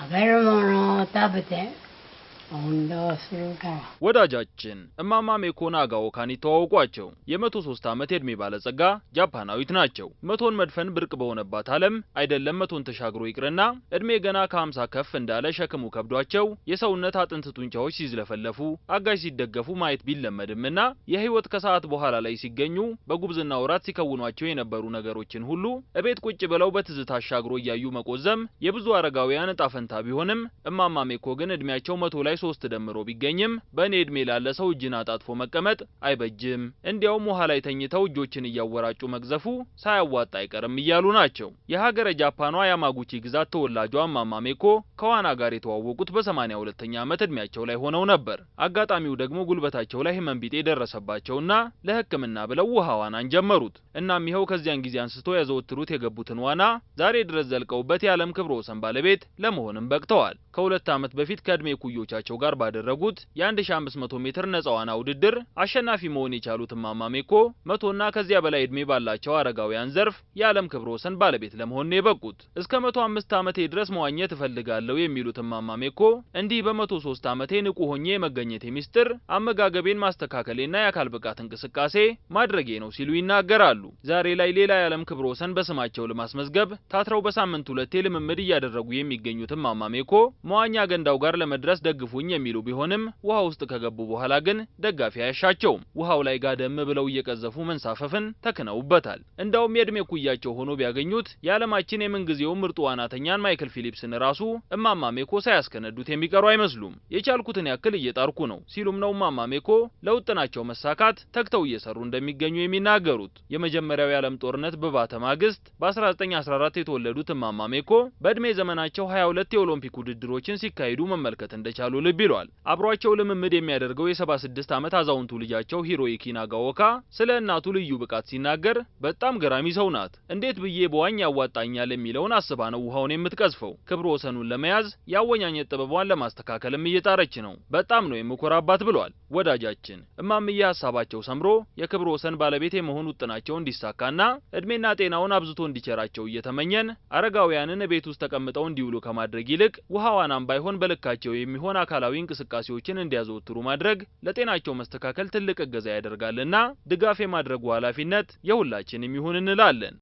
食べるものを食べて ወዳጃችን እማማ ሜኮና አጋዎካን የተዋወቋቸው የመቶ ሶስት ዓመት የእድሜ ባለጸጋ ጃፓናዊት ናቸው። መቶን መድፈን ብርቅ በሆነባት ዓለም አይደለም መቶን ተሻግሮ ይቅርና እድሜ ገና ከሀምሳ ከፍ እንዳለ ሸክሙ ከብዷቸው የሰውነት አጥንት ጡንቻዎች ሲዝለፈለፉ አጋዥ ሲደገፉ ማየት ቢለመድምና የህይወት ከሰዓት በኋላ ላይ ሲገኙ በጉብዝና ወራት ሲከውኗቸው የነበሩ ነገሮችን ሁሉ እቤት ቁጭ ብለው በትዝታ አሻግሮ እያዩ መቆዘም የብዙ አረጋውያን እጣ ፈንታ ቢሆንም እማማ ሜኮ ግን እድሜያቸው መቶ ላይ ሶስት ደምሮ ቢገኝም በእኔ እድሜ ላለ ሰው እጅን አጣጥፎ መቀመጥ አይበጅም፣ እንዲያውም ውሃ ላይ ተኝተው እጆችን እያወራጩ መግዘፉ ሳያዋጣ አይቀርም እያሉ ናቸው። የሀገረ ጃፓኗ ያማጉቺ ግዛት ተወላጇ ሜኮ ከዋና ጋር የተዋወቁት በ82ኛ ዓመት እድሜያቸው ላይ ሆነው ነበር። አጋጣሚው ደግሞ ጉልበታቸው ላይ ህመም ቢጤ ደረሰባቸውና ለሕክምና ብለው ውሃ ዋናን ጀመሩት። እናም ይኸው ከዚያን ጊዜ አንስቶ ያዘወትሩት የገቡትን ዋና ዛሬ ድረስ ዘልቀውበት የዓለም ክብረ ወሰን ባለቤት ለመሆንም በቅተዋል። ከሁለት ዓመት በፊት ከዕድሜ ኩዮቻቸው ከጓደኛቸው ጋር ባደረጉት የ1500 ሜትር ነፃዋና ዋና ውድድር አሸናፊ መሆን የቻሉት እማማ ሜኮ መቶና ከዚያ በላይ እድሜ ባላቸው አረጋውያን ዘርፍ የዓለም ክብረ ወሰን ባለቤት ለመሆን ነው የበቁት። እስከ 105 ዓመቴ ድረስ መዋኘት እፈልጋለሁ የሚሉት እማማ ሜኮ እንዲህ በ103 ዓመቴ ንቁ ሆኜ የመገኘቴ ሚስጥር አመጋገቤን ማስተካከሌና የአካል ብቃት እንቅስቃሴ ማድረጌ ነው ሲሉ ይናገራሉ። ዛሬ ላይ ሌላ የዓለም ክብረ ወሰን በስማቸው ለማስመዝገብ ታትረው በሳምንት ሁለቴ ልምምድ እያደረጉ የሚገኙት እማማ ሜኮ መዋኛ ገንዳው ጋር ለመድረስ ደግፉ አሳርፉኝ የሚሉ ቢሆንም ውሃ ውስጥ ከገቡ በኋላ ግን ደጋፊ አያሻቸውም። ውሃው ላይ ጋደም ብለው እየቀዘፉ መንሳፈፍን ተክነውበታል። እንዳውም የእድሜ ኩያቸው ሆኖ ቢያገኙት የዓለማችን የምንጊዜው ምርጡ ዋናተኛን ማይክል ፊሊፕስን ራሱ እማማ ሜኮ ሳያስከነዱት የሚቀሩ አይመስሉም። የቻልኩትን ያክል እየጣርኩ ነው ሲሉም ነው እማማ ሜኮ ለውጥናቸው መሳካት ተግተው እየሰሩ እንደሚገኙ የሚናገሩት። የመጀመሪያው የዓለም ጦርነት በባተማ ማግስት በ1914 የተወለዱት እማማ ሜኮ በእድሜ ዘመናቸው 22 የኦሎምፒክ ውድድሮችን ሲካሄዱ መመልከት እንደቻሉ ልብ ይሏል። አብሯቸው ልምምድ የሚያደርገው የ76 ዓመት አዛውንቱ ልጃቸው ሂሮይኪ ናጋኦካ ስለ እናቱ ልዩ ብቃት ሲናገር በጣም ገራሚ ሰው ናት። እንዴት ብዬ በዋኝ ያዋጣኛል የሚለውን አስባ ነው ውሃውን የምትቀዝፈው። ክብረ ወሰኑን ለመያዝ ያወኛኘት ጥበቧን ለማስተካከልም እየጣረች ነው። በጣም ነው የምኮራባት ብሏል። ወዳጃችን እማምዬ ሀሳባቸው ሰምሮ የክብር ወሰን ባለቤት የመሆን ውጥናቸው እንዲሳካና እድሜና ጤናውን አብዝቶ እንዲቸራቸው እየተመኘን አረጋውያንን ቤት ውስጥ ተቀምጠው እንዲውሉ ከማድረግ ይልቅ ውሃ ዋናም ባይሆን በልካቸው የሚሆን አካላዊ እንቅስቃሴዎችን እንዲያዘወትሩ ማድረግ ለጤናቸው መስተካከል ትልቅ እገዛ ያደርጋልና ድጋፍ የማድረጉ ኃላፊነት የሁላችንም ይሁን እንላለን።